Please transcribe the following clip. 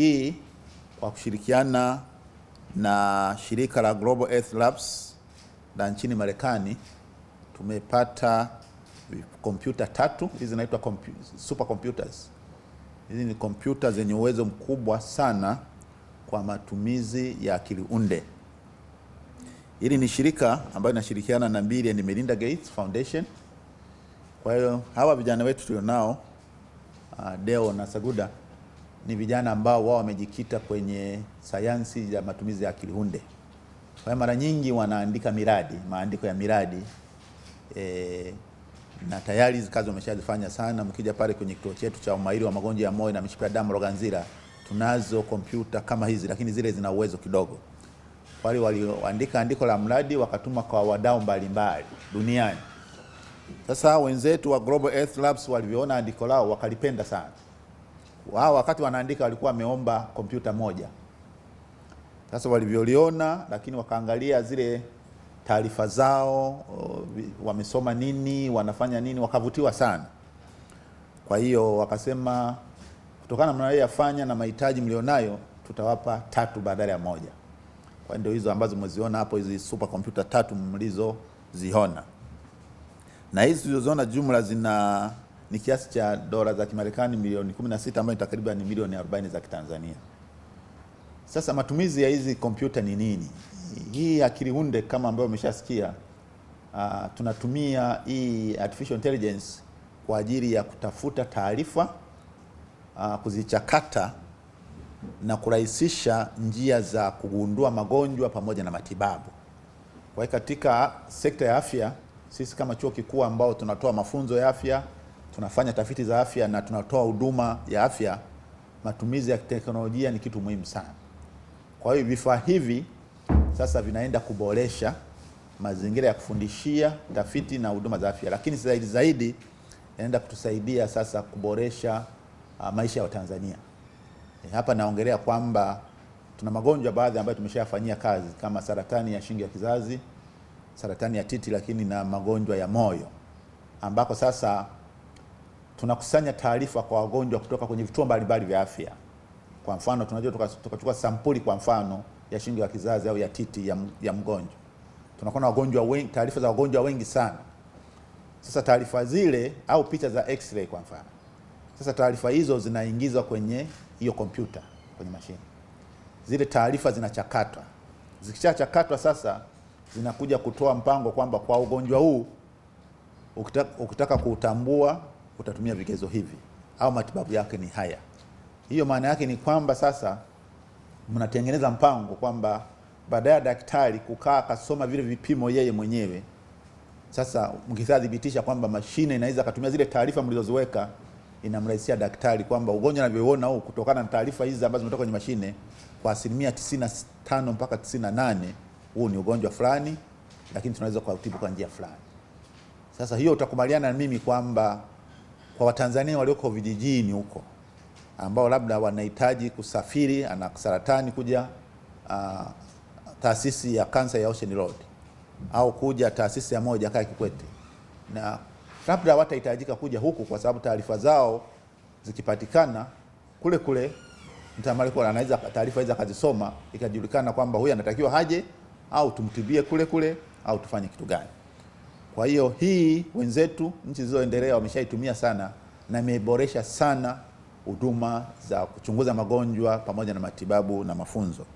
hii kwa kushirikiana na shirika la Global Earth Labs la nchini Marekani tumepata kompyuta tatu. Hizi zinaitwa super computers. Hizi ni kompyuta zenye uwezo mkubwa sana kwa matumizi ya akili unde. Hili ni shirika ambayo inashirikiana na Bill and Melinda Gates Foundation. Kwa hiyo hawa vijana wetu tulionao, uh, Deo na Saguda ni vijana ambao wao wamejikita kwenye sayansi ya matumizi ya akili hunde. Kwa mara nyingi wanaandika miradi, maandiko ya miradi e, na tayari kazi wameshazifanya sana. Mkija pale kwenye kituo chetu cha umahiri wa magonjwa ya moyo na mishipa ya damu Roganzira, tunazo kompyuta kama hizi, lakini zile zina uwezo kidogo. Wale walioandika andiko la mradi wakatuma kwa wadau mbalimbali duniani. Sasa wenzetu wa Global Health Labs walivyoona andiko lao wakalipenda sana wao wakati wanaandika walikuwa wameomba kompyuta moja. Sasa walivyoliona, lakini wakaangalia zile taarifa zao, wamesoma nini, wanafanya nini, wakavutiwa sana. Kwa hiyo wakasema kutokana na mnayoyafanya na mahitaji mlionayo, tutawapa tatu badala ya moja. Kwa ndio hizo ambazo mmeziona hapo, hizi super kompyuta tatu mlizoziona, na hizi tulizoziona jumla zina ni kiasi cha dola za Kimarekani milioni 16 ambayo ni takriban milioni 40 za Kitanzania. Sasa matumizi ya hizi kompyuta ni nini? Hii akili unde kama ambayo umeshasikia, uh, tunatumia hii artificial intelligence kwa ajili ya kutafuta taarifa uh, kuzichakata na kurahisisha njia za kugundua magonjwa pamoja na matibabu. Kwa hiyo katika sekta ya afya, sisi kama chuo kikuu ambao tunatoa mafunzo ya afya tunafanya tafiti za afya na tunatoa huduma ya afya, matumizi ya teknolojia ni kitu muhimu sana. Kwa hiyo vifaa hivi sasa vinaenda kuboresha mazingira ya kufundishia tafiti na huduma za afya, lakini zaidi zaidi inaenda kutusaidia sasa kuboresha uh, maisha ya Watanzania. E, hapa naongelea kwamba tuna magonjwa baadhi ambayo tumeshafanyia kazi kama saratani ya shingo ya kizazi, saratani ya titi, lakini na magonjwa ya moyo ambako sasa tunakusanya taarifa kwa wagonjwa kutoka kwenye vituo mbalimbali vya afya. Kwa mfano, tunajua tukachukua tuka sampuli kwa mfano ya shingo ya kizazi au ya titi ya, ya mgonjwa, tunakuwa na wagonjwa wengi, taarifa za wagonjwa wengi sana. Sasa taarifa zile au picha za x-ray kwa mfano, sasa taarifa hizo zinaingizwa kwenye hiyo kompyuta, kwenye mashine. Zile taarifa zinachakatwa, zikishachakatwa sasa zinakuja kutoa mpango kwamba kwa ugonjwa huu ukitaka, ukitaka kuutambua utatumia vigezo hivi au matibabu yake ni haya. Hiyo maana yake ni kwamba sasa mnatengeneza mpango kwamba baada ya daktari kukaa akasoma vile vipimo yeye mwenyewe, sasa mkishathibitisha kwamba mashine inaweza katumia zile taarifa mlizoziweka, inamrahisia daktari kwamba ugonjwa anavyoona huu kutokana na taarifa hizi ambazo zimetoka kwenye mashine kwa asilimia 95 mpaka 98, huu ni ugonjwa fulani, lakini tunaweza kuutibu kwa njia fulani. Sasa hiyo utakubaliana na mimi kwamba kwa Watanzania walioko vijijini huko ambao labda wanahitaji kusafiri, ana saratani, kuja uh, taasisi ya kansa ya Ocean Road au kuja taasisi ya moja Jakaya Kikwete, na labda watahitajika kuja huku kwa sababu taarifa zao zikipatikana kule kule mtamaleko anaweza taarifa hizo akazisoma, ikajulikana kwamba huyu anatakiwa haje au tumtibie kule kule au tufanye kitu gani. Kwa hiyo hii wenzetu nchi zilizoendelea wameshaitumia sana na imeboresha sana huduma za kuchunguza magonjwa pamoja na matibabu na mafunzo.